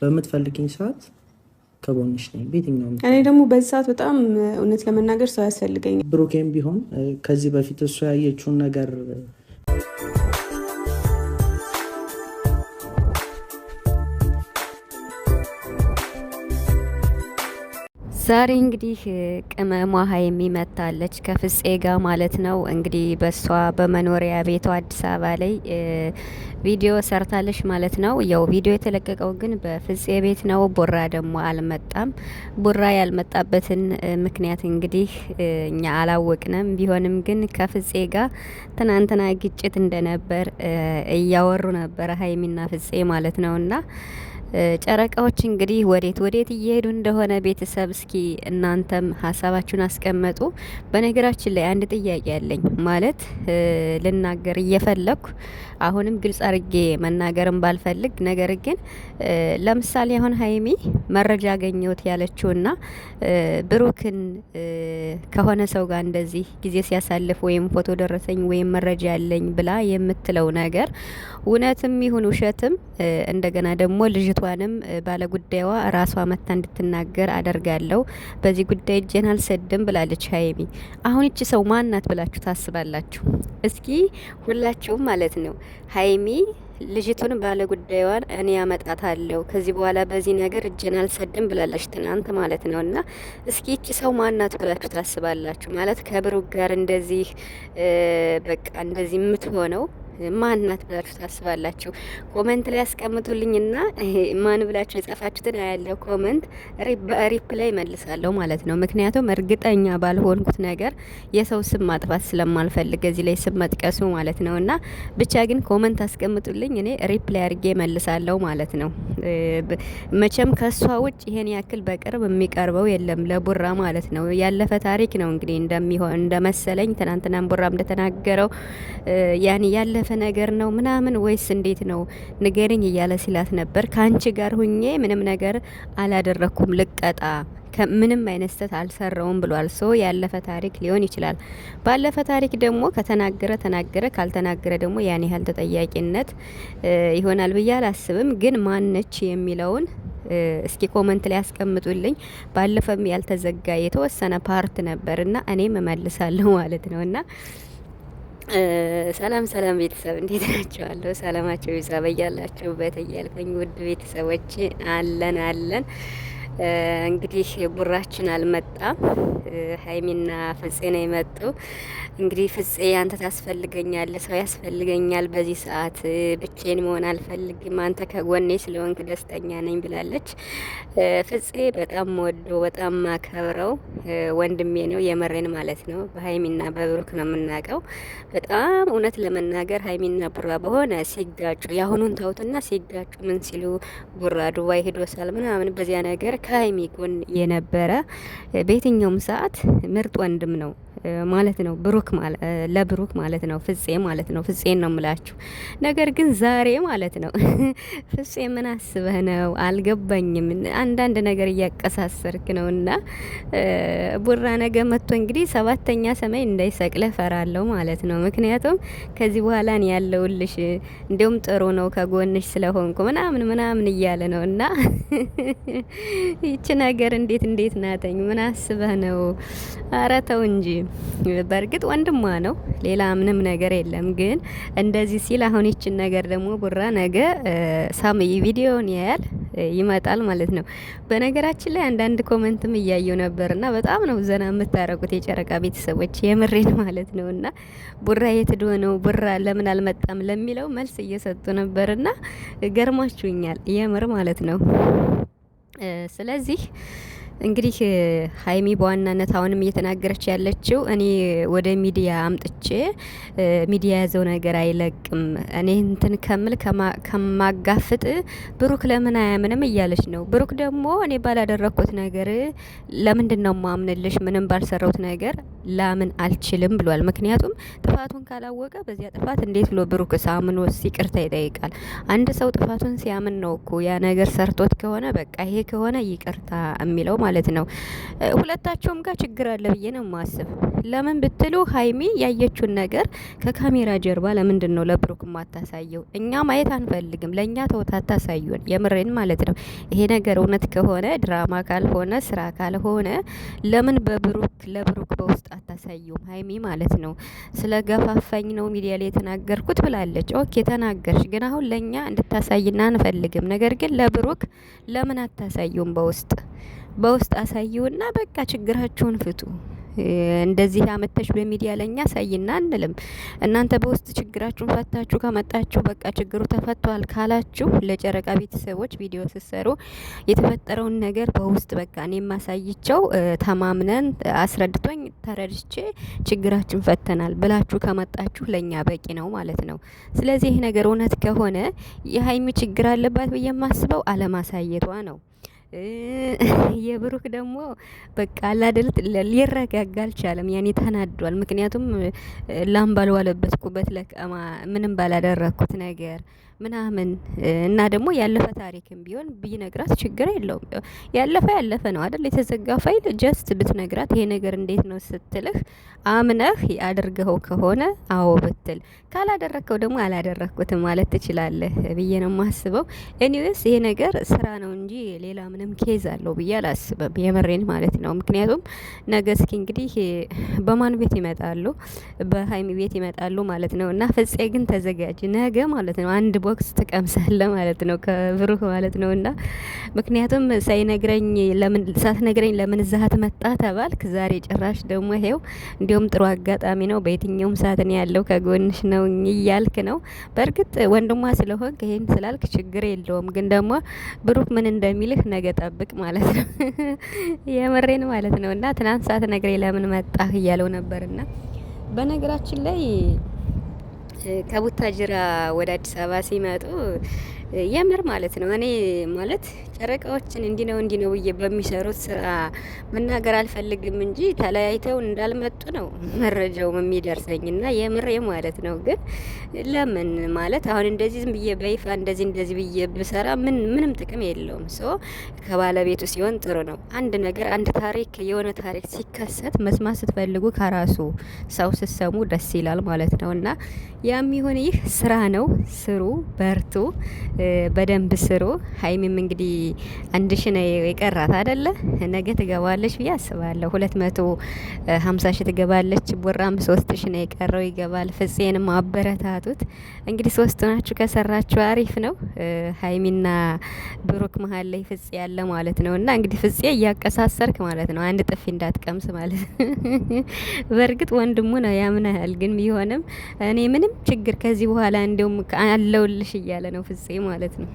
በምትፈልግኝ ሰዓት ከጎንሽ ነኝ። ቤትኛው እኔ ደግሞ በዚህ ሰዓት በጣም እውነት ለመናገር ሰው ያስፈልገኝ። ብሩኬም ቢሆን ከዚህ በፊት እሱ ያየችውን ነገር ዛሬ እንግዲህ ቅመሟ ሀይሚ መታለች ከፍጼ ጋር ማለት ነው። እንግዲህ በሷ በመኖሪያ ቤቷ አዲስ አበባ ላይ ቪዲዮ ሰርታለች ማለት ነው። ያው ቪዲዮ የተለቀቀው ግን በፍጼ ቤት ነው። ቡራ ደግሞ አልመጣም። ቡራ ያልመጣበትን ምክንያት እንግዲህ እኛ አላወቅንም። ቢሆንም ግን ከፍጼ ጋር ትናንትና ግጭት እንደነበር እያወሩ ነበር ሀይሚና ፍጼ ማለት ነውና ጨረቃዎች እንግዲህ ወዴት ወዴት እየሄዱ እንደሆነ ቤተሰብ እስኪ እናንተም ሀሳባችሁን አስቀመጡ። በነገራችን ላይ አንድ ጥያቄ ያለኝ ማለት ልናገር እየፈለኩ አሁንም ግልጽ አርጌ መናገርን ባልፈልግ፣ ነገር ግን ለምሳሌ አሁን ሀይሚ መረጃ አገኘሁት ያለችውና ብሩክን ከሆነ ሰው ጋር እንደዚህ ጊዜ ሲያሳልፍ ወይም ፎቶ ደረሰኝ ወይም መረጃ ያለኝ ብላ የምትለው ነገር እውነትም ይሁን ውሸትም እንደገና ደግሞ ልጅ እህቷንም ባለጉዳይዋ ራሷ መታ እንድትናገር አደርጋለሁ። በዚህ ጉዳይ እጄን አልሰድም ብላለች ሀይሚ። አሁን ይቺ ሰው ማናት ብላችሁ ታስባላችሁ? እስኪ ሁላችሁም ማለት ነው ሀይሚ ልጅቱን ባለጉዳዩዋን እኔ ያመጣታለሁ ከዚህ በኋላ በዚህ ነገር እጄን አልሰድም ብላለች፣ ትናንት ማለት ነው። እና እስኪ ይቺ ሰው ማናት ብላችሁ ታስባላችሁ? ማለት ከብሩክ ጋር እንደዚህ በቃ እንደዚህ የምትሆነው ማናት ብላችሁ ታስባላችሁ? ኮመንት ላይ ያስቀምጡልኝና ማን ብላችሁ የጻፋችሁትን ያለው ኮመንት ሪፕላይ መልሳለሁ ማለት ነው። ምክንያቱም እርግጠኛ ባልሆንኩት ነገር የሰው ስም ማጥፋት ስለማልፈልግ እዚህ ላይ ስም መጥቀሱ ማለት ነው። እና ብቻ ግን ኮመንት አስቀምጡልኝ፣ እኔ ሪፕላይ አድርጌ መልሳለሁ ማለት ነው። መቼም ከሷ ውጭ ይሄን ያክል በቅርብ የሚቀርበው የለም ለቡራ ማለት ነው። ያለፈ ታሪክ ነው እንግዲህ እንደሚሆን እንደመሰለኝ ትናንትናም ቡራ እንደተናገረው ያን ያለ ያለፈ ነገር ነው ምናምን ወይስ እንዴት ነው ንገርኝ እያለ ሲላት ነበር። ከአንቺ ጋር ሁኜ ምንም ነገር አላደረኩም ልቀጣ ምንም አይነት ስህተት አልሰራውም ብሏል። ሶ ያለፈ ታሪክ ሊሆን ይችላል። ባለፈ ታሪክ ደግሞ ከተናገረ ተናገረ፣ ካልተናገረ ደግሞ ያን ያህል ተጠያቂነት ይሆናል ብዬ አላስብም። ግን ማነች የሚለውን እስኪ ኮመንት ላይ ያስቀምጡልኝ። ባለፈም ያልተዘጋ የተወሰነ ፓርት ነበር እና እኔም እመልሳለሁ ማለት ነው እና ሰላም ሰላም ቤተሰብ እንዴት ናቸዋለሁ? ሰላማቸው ይብዛ በያላችሁበት እያልኩኝ ውድ ቤተሰቦች አለን አለን። እንግዲህ ቡራችን አልመጣም። ሀይሚና ፍፄ ነው የመጡ። እንግዲህ ፍፄ አንተ ታስፈልገኛለህ፣ ሰው ያስፈልገኛል። በዚህ ሰዓት ብቻዬን መሆን አልፈልግም፣ አንተ ከጎኔ ስለሆንክ ደስተኛ ነኝ ብላለች። ፍፄ በጣም ወዶ በጣም ማከብረው ወንድሜ ነው፣ የመሬን ማለት ነው። በሀይሚና በብሩክ ነው የምናውቀው። በጣም እውነት ለመናገር ሀይሚና ቡራ በሆነ ሲጋጩ የአሁኑን ተውትና ሲጋጩ ምን ሲሉ ቡራ ዱባይ ሄዶ ምናምን በዚያ ነገር ከሀይሚ ጎን የነበረ በየትኛውም ሰዓት ምርጥ ወንድም ነው ማለት ነው ብሩክ ለብሩክ ማለት ነው ፍፄ ማለት ነው ፍፄን ነው የምላችሁ። ነገር ግን ዛሬ ማለት ነው ፍፄ ምን አስበህ ነው አልገባኝም። አንዳንድ ነገር እያቀሳሰርክ ነው እና ቡራ ነገ መጥቶ እንግዲህ ሰባተኛ ሰማይ እንዳይሰቅለ ፈራለው ማለት ነው። ምክንያቱም ከዚህ በኋላ እኔ ያለሁልሽ እንዲሁም ጥሩ ነው ከጎንሽ ስለሆንኩ ምናምን ምናምን እያለ ነው እና ይቺ ነገር እንዴት እንዴት ናተኝ ምን አስበህ ነው? አረተው እንጂ በእርግጥ ወንድሟ ነው፣ ሌላ ምንም ነገር የለም። ግን እንደዚህ ሲል አሁን ይችን ነገር ደግሞ ቡራ ነገ ሳም ቪዲዮን ያያል ይመጣል ማለት ነው። በነገራችን ላይ አንዳንድ ኮመንትም እያየው ነበርና በጣም ነው ዘና የምታረጉት የጨረቃ ቤተሰቦች የምሬን ማለት እና ቡራ የትዶ ነው ቡራ ለምን አልመጣም ለሚለው መልስ እየሰጡ ነበርና ገርማችሁኛል የምር ማለት ነው። ስለዚህ እንግዲህ ሀይሚ በዋናነት አሁንም እየተናገረች ያለችው እኔ ወደ ሚዲያ አምጥቼ ሚዲያ የያዘው ነገር አይለቅም እኔ እንትን ከምል ከማጋፍጥ ብሩክ ለምን አያምንም እያለች ነው። ብሩክ ደግሞ እኔ ባላደረግኩት ነገር ለምንድን ነው ማምንልሽ? ምንም ባልሰራሁት ነገር ላምን አልችልም ብሏል። ምክንያቱም ጥፋቱን ካላወቀ በዚያ ጥፋት እንዴት ብሎ ብሩክስ አምኖ ይቅርታ ይጠይቃል? አንድ ሰው ጥፋቱን ሲያምን ነው እኮ ያ ነገር ሰርቶት ከሆነ በቃ ይሄ ከሆነ ይቅርታ የሚለው ማለት ነው። ሁለታቸውም ጋር ችግር አለ ብዬ ነው ማስብ። ለምን ብትሉ ሀይሚ ያየችውን ነገር ከካሜራ ጀርባ ለምንድን ነው ለብሩክ ማታሳየው? እኛ ማየት አንፈልግም። ለእኛ ተውታ አታሳዩን። የምሬን ማለት ነው። ይሄ ነገር እውነት ከሆነ ድራማ ካልሆነ ስራ ካልሆነ ለምን በብሩክ ለብሩክ በውስጥ አታሳዩም? ሀይሚ ማለት ነው። ስለ ገፋፋኝ ነው ሚዲያ ላይ የተናገርኩት ብላለች። ኦኬ ተናገርሽ፣ ግን አሁን ለእኛ እንድታሳይና አንፈልግም። ነገር ግን ለብሩክ ለምን አታሳዩም በውስጥ በውስጥ አሳየውና በቃ ችግራችሁን ፍቱ። እንደዚህ አመተሽ በሚዲያ ለኛ ሳይና አንልም። እናንተ በውስጥ ችግራችሁን ፈታችሁ ከመጣችሁ በቃ ችግሩ ተፈቷል ካላችሁ ለጨረቃ ቤተሰቦች ቪዲዮ ስሰሩ የተፈጠረውን ነገር በውስጥ በቃ እኔ ማሳይቸው ተማምነን አስረድቶኝ ተረድቼ ችግራችን ፈተናል ብላችሁ ከመጣችሁ ለኛ በቂ ነው ማለት ነው። ስለዚህ ይህ ነገር እውነት ከሆነ የሀይሚ ችግር አለባት ብዬ የማስበው አለማሳየቷ ነው። የብሩክ ደግሞ በቃ አላደል ሊረጋጋ አልቻለም። ያኔ ተናዷል። ምክንያቱም ላም ባልዋለበት ኩበት ለቀማ ምንም ባላደረግኩት ነገር ምናምን እና ደግሞ ያለፈ ታሪክም ቢሆን ቢነግራት ችግር የለውም። ያለፈ ያለፈ ነው አይደል? የተዘጋ ፋይል ጀስት ብትነግራት ይሄ ነገር እንዴት ነው ስትልህ አምነህ አድርገው ከሆነ አዎ ብትል፣ ካላደረግከው ደግሞ አላደረግኩትም ማለት ትችላለህ ብዬ ነው የማስበው። ኤኒዌይስ ይሄ ነገር ስራ ነው እንጂ ሌላ ምንም ኬዝ አለው ብዬ አላስብም። የመሬን ማለት ነው። ምክንያቱም ነገ እስኪ እንግዲህ በማን ቤት ይመጣሉ? በሀይሚ ቤት ይመጣሉ ማለት ነው እና ፍፄ ግን ተዘጋጅ ነገ ማለት ነው አንድ ቦክስ ትቀምሳለህ ማለት ነው ከብሩህ ማለት ነው። እና ምክንያቱም ሳይነግረኝ ለምን ሳትነግረኝ ለምን ዛት መጣ ተባልክ። ዛሬ ጭራሽ ደግሞ ይሄው እንዲሁም ጥሩ አጋጣሚ ነው። በየትኛውም ሰዓት ነው ያለው ከጎንሽ ነው እያልክ ነው። በእርግጥ ወንድሟ ስለሆንክ ይሄን ስላልክ ችግር የለውም። ግን ደግሞ ብሩህ ምን እንደሚልህ ነገ ጠብቅ ማለት ነው። የምሬን ማለት ነው። እና ትናንት ሳትነግረኝ ለምን መጣህ እያለው ነበርና በነገራችን ላይ ከቡታጅራ ወደ አዲስ አበባ ሲመጡ የምር ማለት ነው። እኔ ማለት ጨረቃዎችን እንዲ ነው እንዲ ነው ብዬ በሚሰሩት ስራ መናገር አልፈልግም እንጂ ተለያይተው እንዳልመጡ ነው መረጃው የሚደርሰኝና የምሬ ማለት ነው። ግን ለምን ማለት አሁን እንደዚህ ዝም ብዬ በይፋ እንደዚህ እንደዚህ ብዬ ብሰራ ምን ምንም ጥቅም የለውም። ሶ ከባለቤቱ ሲሆን ጥሩ ነው። አንድ ነገር አንድ ታሪክ የሆነ ታሪክ ሲከሰት መስማት ስትፈልጉ ከራሱ ሰው ስትሰሙ ደስ ይላል ማለት ነው። እና ያም ይሁን ይህ ስራ ነው። ስሩ፣ በርቱ። በደንብ ስሩ። ሀይሚም እንግዲህ አንድ ሺ ነው የቀራት አደለ? ነገ ትገባለች ብዬ አስባለሁ። ሁለት መቶ ሀምሳ ሺ ትገባለች። ቦራም ሶስት ሺ ነው የቀረው ይገባል። ፍፄንም አበረታቱት እንግዲህ ሶስቱ ናችሁ ከሰራችሁ አሪፍ ነው። ሀይሚና ብሩክ መሀል ላይ ፍፄ ያለ ማለት ነው። እና እንግዲህ ፍፄ እያቀሳሰርክ ማለት ነው። አንድ ጥፊ እንዳትቀምስ ማለት በእርግጥ ወንድሙ ነው ያምናል። ግን ቢሆንም እኔ ምንም ችግር ከዚህ በኋላ እንዲሁም አለውልሽ እያለ ነው ፍፄ ማለት ነው።